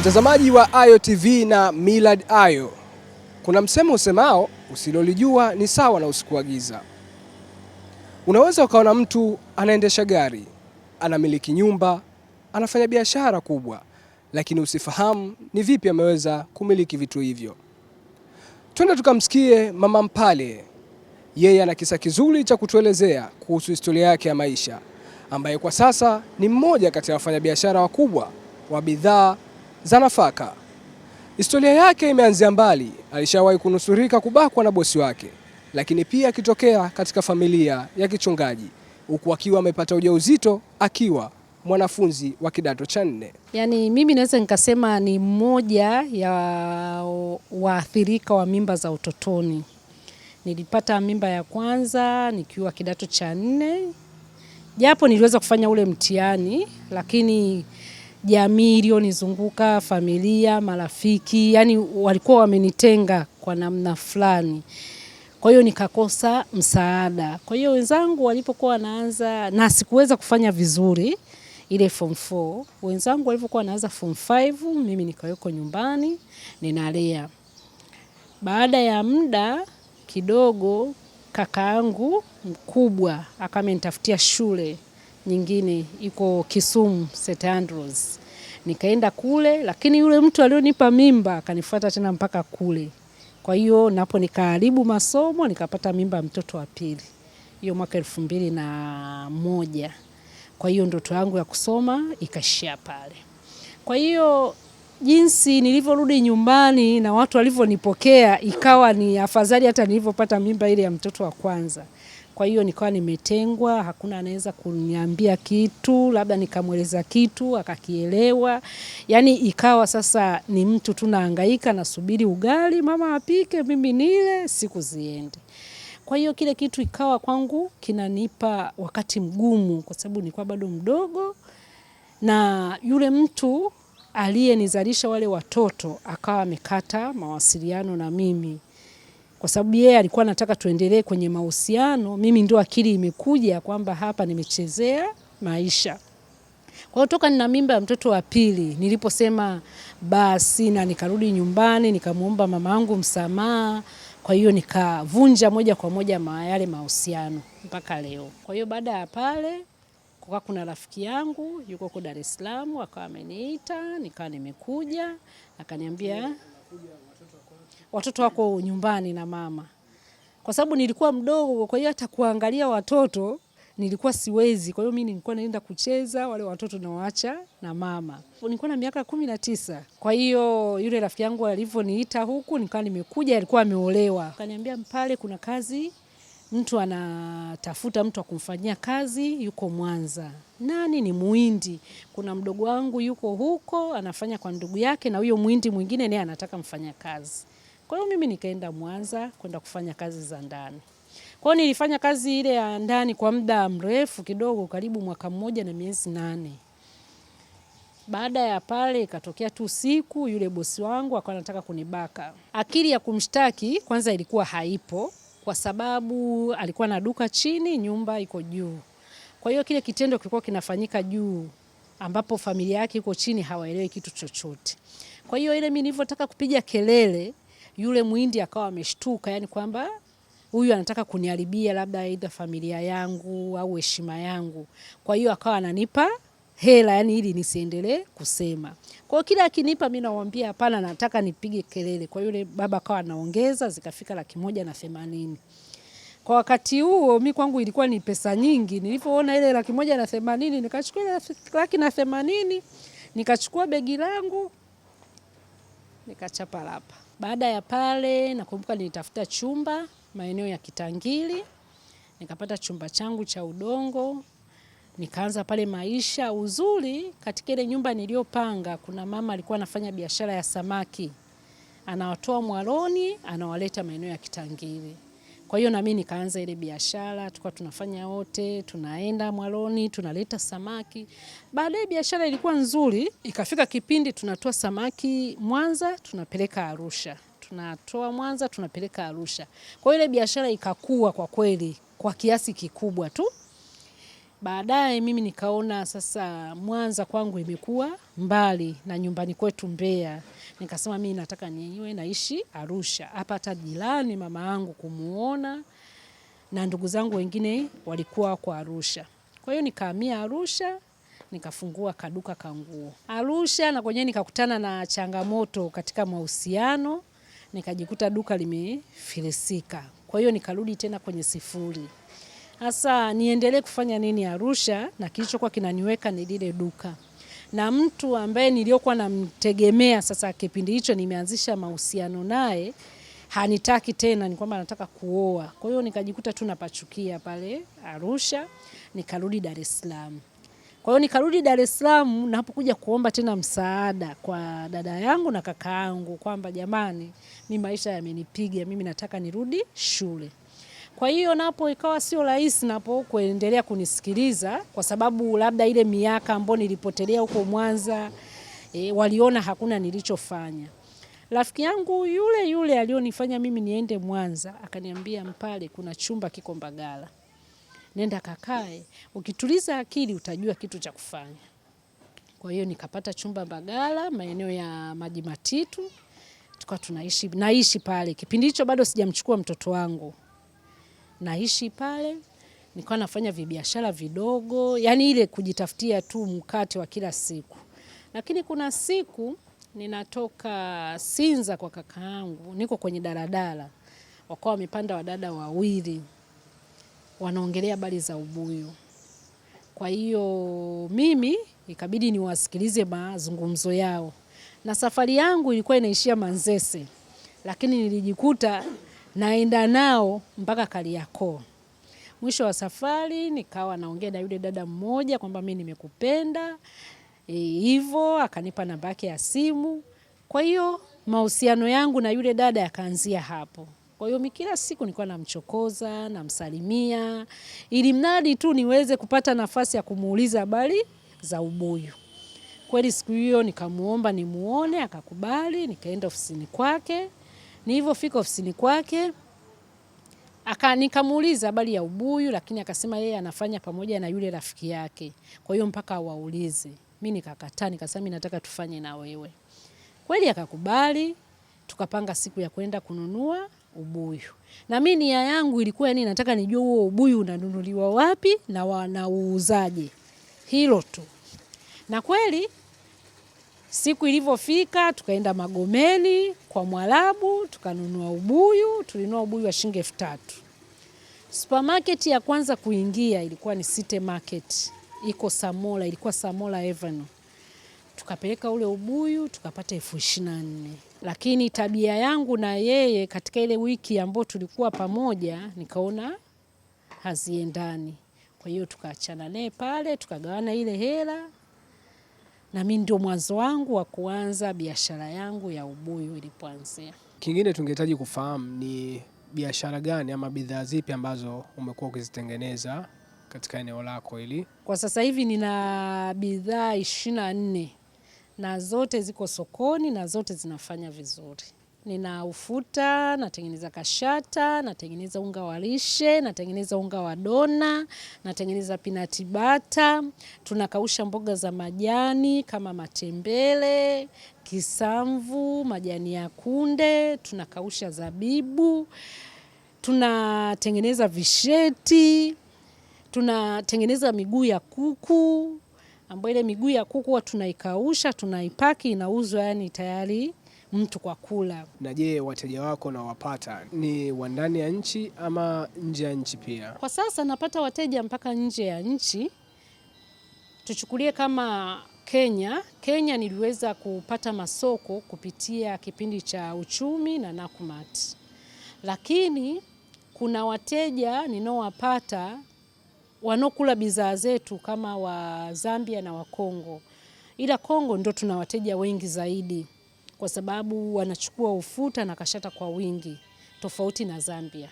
Mtazamaji wa Ayo TV na Millard Ayo, kuna msemo usemao usilolijua ni sawa na usiku wa giza. Unaweza ukaona mtu anaendesha gari, anamiliki nyumba, anafanya biashara kubwa, lakini usifahamu ni vipi ameweza kumiliki vitu hivyo. Twende tukamsikie Mama Mpale, yeye ana kisa kizuri cha kutuelezea kuhusu historia yake ya maisha, ambaye kwa sasa ni mmoja kati ya wafanyabiashara wakubwa wa bidhaa za nafaka. Historia yake imeanzia mbali, alishawahi kunusurika kubakwa na bosi wake, lakini pia akitokea katika familia ya kichungaji, huku akiwa amepata ujauzito akiwa mwanafunzi wa kidato cha nne. Yaani, mimi naweza nikasema ni mmoja ya waathirika wa mimba za utotoni. Nilipata mimba ya kwanza nikiwa kidato cha nne, japo niliweza kufanya ule mtihani, lakini jamii iliyonizunguka, familia, marafiki, yani walikuwa wamenitenga kwa namna fulani. Kwa hiyo nikakosa msaada. Kwa hiyo wenzangu walipokuwa wanaanza na sikuweza kufanya vizuri ile form 4, wenzangu walipokuwa wanaanza form 5, mimi nikaweko nyumbani ninalea. Baada ya muda kidogo, kakaangu mkubwa akamenitafutia shule nyingine iko Kisumu St Andrews. Nikaenda kule, lakini yule mtu alionipa mimba akanifuata tena mpaka kule. Kwa hiyo napo nikaharibu masomo, nikapata mimba mtoto wa pili, hiyo mwaka elfu mbili na moja. Kwa hiyo ndoto yangu ya kusoma ikashia pale. Kwa hiyo jinsi nilivyorudi nyumbani na watu walivyonipokea, ikawa ni afadhali hata nilivyopata mimba ile ya mtoto wa kwanza. Kwa hiyo nikawa nimetengwa, hakuna anaweza kuniambia kitu, labda nikamweleza kitu akakielewa. Yani ikawa sasa ni mtu naangaika nasubiri ugali mama apike, mimi nile, siku ziende. Kwa hiyo kile kitu ikawa kwangu kinanipa wakati mgumu, kwa sababu nilikuwa bado mdogo na yule mtu aliyenizalisha wale watoto akawa amekata mawasiliano na mimi kwa sababu yeye alikuwa anataka tuendelee kwenye mahusiano. Mimi ndio akili imekuja kwamba hapa nimechezea maisha. Kwa hiyo toka nina mimba ya mtoto wa pili niliposema basi, na nikarudi nyumbani nikamwomba yangu msamaha, kwa hiyo nikavunja moja kwa moja yale mahusiano mpaka leo. Kwa hiyo baada ya pale kukaa, kuna rafiki yangu yuko huko Dar es Salaam, akawa ameniita, nikawa nimekuja, akaniambia watoto wako nyumbani na mama, kwa sababu nilikuwa mdogo, kwa hiyo hata kuangalia watoto nilikuwa siwezi. Kwa hiyo mimi nilikuwa naenda kucheza, wale watoto nawaacha na mama. Nilikuwa na miaka kumi na tisa. Kwa hiyo yule rafiki yangu alivyoniita huku, nikawa nimekuja, alikuwa ameolewa, akaniambia Mpale, kuna kazi mtu anatafuta mtu akumfanyia kazi, yuko Mwanza, nani ni Muhindi. Kuna mdogo wangu yuko huko anafanya kwa ndugu yake, na huyo Muhindi mwingine naye anataka mfanya kazi. Kwa hiyo mimi nikaenda Mwanza kwenda kufanya kazi za ndani. Kwa hiyo nilifanya kazi ile ya ndani kwa muda mrefu kidogo, karibu mwaka mmoja na miezi nane. Baada ya pale ikatokea tu siku yule bosi wangu akawa anataka kunibaka. Akili ya kumshtaki kwanza ilikuwa haipo kwa sababu alikuwa na duka chini, nyumba iko juu. Kwa hiyo kile kitendo kilikuwa kinafanyika juu ambapo familia yake iko chini hawaelewi kitu chochote. Kwa hiyo ile mimi nilivyotaka kupiga kelele yule mwindi akawa ameshtuka, yani kwamba huyu anataka kuniharibia labda aidha familia yangu au heshima yangu. Kwa hiyo akawa ananipa hela yani ili nisiendelee kusema. Kwa hiyo kila akinipa mimi namwambia hapana, nataka nipige kelele. Kwa yule baba akawa anaongeza zikafika laki moja na themanini. Kwa wakati huo mimi kwangu ilikuwa ni pesa nyingi. Nilipoona ile laki moja na themanini nikachukua ile laki na themanini nikachukua begi langu nikachapa lapa. Baada ya pale, nakumbuka nilitafuta chumba maeneo ya Kitangili, nikapata chumba changu cha udongo, nikaanza pale maisha. Uzuri katika ile nyumba niliyopanga, kuna mama alikuwa anafanya biashara ya samaki, anawatoa Mwaloni, anawaleta maeneo ya Kitangili. Kwa hiyo na mimi nikaanza ile biashara, tulikuwa tunafanya wote, tunaenda mwaloni, tunaleta samaki. Baadaye biashara ilikuwa nzuri, ikafika kipindi tunatoa samaki Mwanza, tunapeleka Arusha. Tunatoa Mwanza, tunapeleka Arusha. Kwa hiyo ile biashara ikakua kwa kweli kwa kiasi kikubwa tu. Baadaye mimi nikaona sasa Mwanza kwangu imekuwa mbali na nyumbani kwetu Mbeya nikasema mimi nataka niwe naishi Arusha hapa, hata jirani mama yangu kumuona na ndugu zangu wengine walikuwa kwa Arusha. Kwa hiyo nikahamia Arusha nikafungua kaduka kanguo Arusha, na kwenyewe nikakutana na changamoto katika mahusiano, nikajikuta duka limefilisika. Kwa hiyo nikarudi tena kwenye sifuri. Sasa niendelee kufanya nini Arusha? Na kilichokuwa kinaniweka ni lile duka na mtu ambaye niliyokuwa namtegemea sasa kipindi hicho nimeanzisha mahusiano naye hanitaki tena, ni kwamba anataka kuoa. Kwa hiyo nikajikuta tu napachukia pale Arusha, nikarudi Dar es Salaam. Kwa hiyo nikarudi Dar es Salaam, napokuja kuomba tena msaada kwa dada yangu na kaka yangu kwamba jamani, mi maisha yamenipiga, mimi nataka nirudi shule. Kwa hiyo napo ikawa sio rahisi napo kuendelea kunisikiliza kwa sababu labda ile miaka ambayo nilipotelea huko Mwanza e, waliona hakuna nilichofanya. Rafiki yangu yule yule alionifanya mimi niende Mwanza akaniambia, Mpale kuna chumba kiko Mbagala, nenda kakae, ukituliza akili utajua kitu cha kufanya. Kwa hiyo nikapata chumba Mbagala, maeneo ya Maji Matitu, tukawa tunaishi naishi pale. Kipindi hicho bado sijamchukua mtoto wangu naishi pale, nilikuwa nafanya vibiashara vidogo, yani ile kujitafutia tu mkate wa kila siku. Lakini kuna siku ninatoka Sinza kwa kaka yangu, niko kwenye daladala, wakawa wamepanda wadada wawili wanaongelea habari za ubuyu. Kwa hiyo mimi ikabidi niwasikilize mazungumzo yao, na safari yangu ilikuwa inaishia Manzese, lakini nilijikuta naenda nao mpaka Kariakoo. Mwisho wa safari nikawa naongea na yule dada mmoja kwamba mimi nimekupenda e, hivyo e, akanipa namba yake ya simu. Kwa hiyo mahusiano yangu na yule dada yakaanzia hapo. Kwa hiyo mi kila siku nilikuwa namchokoza, namsalimia ili mradi tu niweze kupata nafasi ya kumuuliza habari za ubuyu. Kweli siku hiyo nikamuomba nimuone, akakubali, nikaenda ofisini kwake. Nilivyofika ofisini kwake nikamuuliza habari ya ubuyu, lakini akasema yeye anafanya pamoja na yule rafiki yake, kwa hiyo mpaka awaulize. Mimi nikakataa, nikasema mimi nataka tufanye na wewe. Kweli akakubali, tukapanga siku ya kwenda kununua ubuyu, na mimi nia yangu ilikuwa yani, nataka nijue huo ubuyu unanunuliwa wapi na wanauuzaje, hilo tu. Na kweli Siku ilivyofika tukaenda Magomeni kwa Mwarabu tukanunua ubuyu, tulinunua ubuyu wa shilingi elfu tatu. Supermarket ya kwanza kuingia ilikuwa ni City Market, iko Samola, ilikuwa Samola Avenue. Tukapeleka ule ubuyu tukapata elfu ishirini na nne, lakini tabia yangu na yeye katika ile wiki ambayo tulikuwa pamoja nikaona haziendani, kwa hiyo tukaachana naye pale, tukagawana ile hela na mimi ndio mwanzo wangu wa kuanza biashara yangu ya ubuyu ilipoanzia. Kingine tungehitaji kufahamu ni biashara gani ama bidhaa zipi ambazo umekuwa ukizitengeneza katika eneo lako hili? Kwa sasa hivi nina bidhaa ishirini na nne na zote ziko sokoni na zote zinafanya vizuri nina ufuta natengeneza kashata, natengeneza unga wa lishe, natengeneza unga wa dona, natengeneza pinati bata, tunakausha mboga za majani kama matembele, kisamvu, majani ya kunde, tunakausha zabibu, tunatengeneza visheti, tunatengeneza miguu ya kuku ambayo ile miguu ya kuku huwa tunaikausha, tunaipaki, inauzwa yani tayari mtu kwa kula. Na je, wateja wako unawapata ni wa ndani ya nchi ama nje ya nchi pia? Kwa sasa napata wateja mpaka nje ya nchi. Tuchukulie kama Kenya. Kenya niliweza kupata masoko kupitia kipindi cha uchumi na Nakumat, lakini kuna wateja ninaowapata wanaokula bidhaa zetu kama wa Zambia na wa Kongo, ila Kongo ndo tuna wateja wengi zaidi kwa sababu wanachukua ufuta na kashata kwa wingi tofauti na Zambia,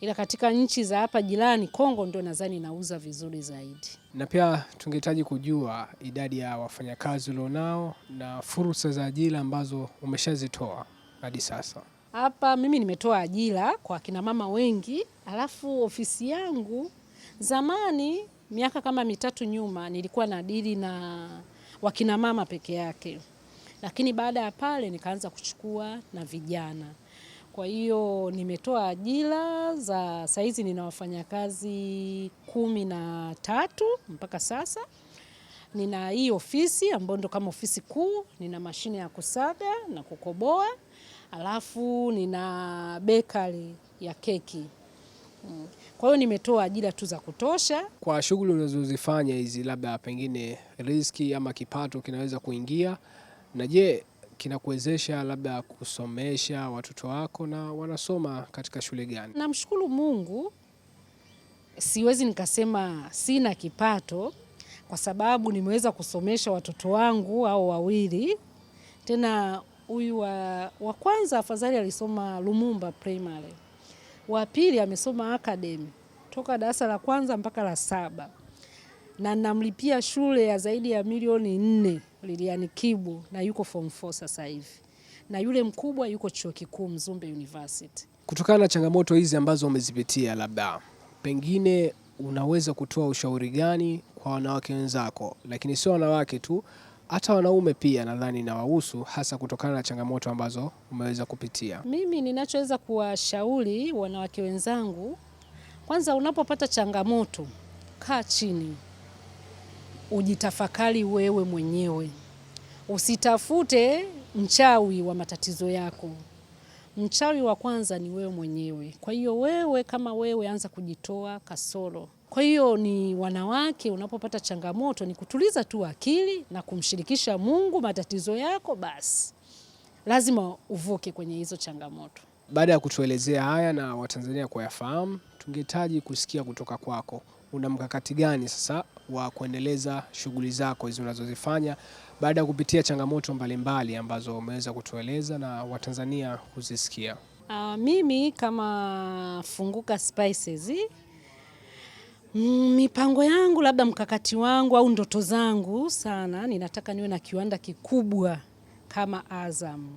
ila katika nchi za hapa jirani Kongo ndio nadhani inauza vizuri zaidi. Na pia tungehitaji kujua idadi ya wafanyakazi ulionao na fursa za ajira ambazo umeshazitoa hadi sasa. Hapa mimi nimetoa ajira kwa mama wengi, alafu ofisi yangu zamani, miaka kama mitatu nyuma, nilikuwa na dili na wakinamama peke yake. Lakini baada ya pale nikaanza kuchukua na vijana. Kwa hiyo nimetoa ajira za saizi, nina wafanyakazi kumi na tatu mpaka sasa. Nina hii ofisi ambayo ndo kama ofisi kuu, nina mashine ya kusaga na kukoboa, alafu nina bekari ya keki. Mm. Kwa hiyo nimetoa ajira tu za kutosha. Kwa shughuli unazozifanya hizi, labda pengine riziki ama kipato kinaweza kuingia na je, kinakuwezesha labda kusomesha watoto wako na wanasoma katika shule gani? Namshukuru Mungu, siwezi nikasema sina kipato kwa sababu nimeweza kusomesha watoto wangu au wawili. Tena huyu wa kwanza afadhali alisoma Lumumba Primary, wa pili amesoma Academy toka darasa la kwanza mpaka la saba, na namlipia shule ya zaidi ya milioni nne. Lilian Kibu na yuko form 4 sasa hivi, na yule mkubwa yuko chuo kikuu Mzumbe University. Kutokana na changamoto hizi ambazo umezipitia, labda pengine unaweza kutoa ushauri gani kwa wanawake wenzako, lakini sio wanawake tu, hata wanaume pia nadhani inawahusu, hasa kutokana na changamoto ambazo umeweza kupitia. Mimi ninachoweza kuwashauri wanawake wenzangu, kwanza, unapopata changamoto kaa chini ujitafakari wewe mwenyewe, usitafute mchawi wa matatizo yako. Mchawi wa kwanza ni wewe mwenyewe. Kwa hiyo wewe kama wewe, anza kujitoa kasoro. Kwa hiyo ni wanawake, unapopata changamoto ni kutuliza tu akili na kumshirikisha Mungu matatizo yako, basi lazima uvuke kwenye hizo changamoto. Baada ya kutuelezea haya na Watanzania kuyafahamu, tungehitaji kusikia kutoka kwako una mkakati gani sasa wa kuendeleza shughuli zako hizi unazozifanya baada ya kupitia changamoto mbalimbali mbali ambazo umeweza kutueleza na Watanzania kuzisikia? Uh, mimi kama Funguka Spices mm, mipango yangu labda mkakati wangu au ndoto zangu sana, ninataka niwe na kiwanda kikubwa kama Azam.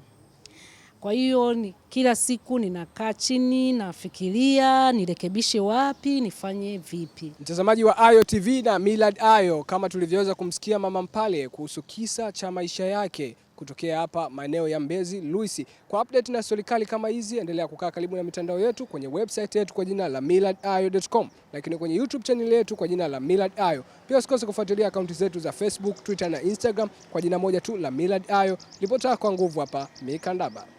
Kwa hiyo ni kila siku ninakaa chini, nafikiria nirekebishe wapi, nifanye vipi. Mtazamaji wa Ayo TV na Millard Ayo, kama tulivyoweza kumsikia mama Mpale kuhusu kisa cha maisha yake kutokea hapa maeneo ya Mbezi Luisi. Kwa update na serikali kama hizi, endelea kukaa karibu na mitandao yetu kwenye website yetu kwa jina la millardayo.com, lakini kwenye YouTube channel yetu kwa jina la Millard Ayo. Pia usikose kufuatilia akaunti zetu za Facebook, Twitter na Instagram kwa jina moja tu la Millard Ayo. Ripota kwa nguvu hapa Mikandaba.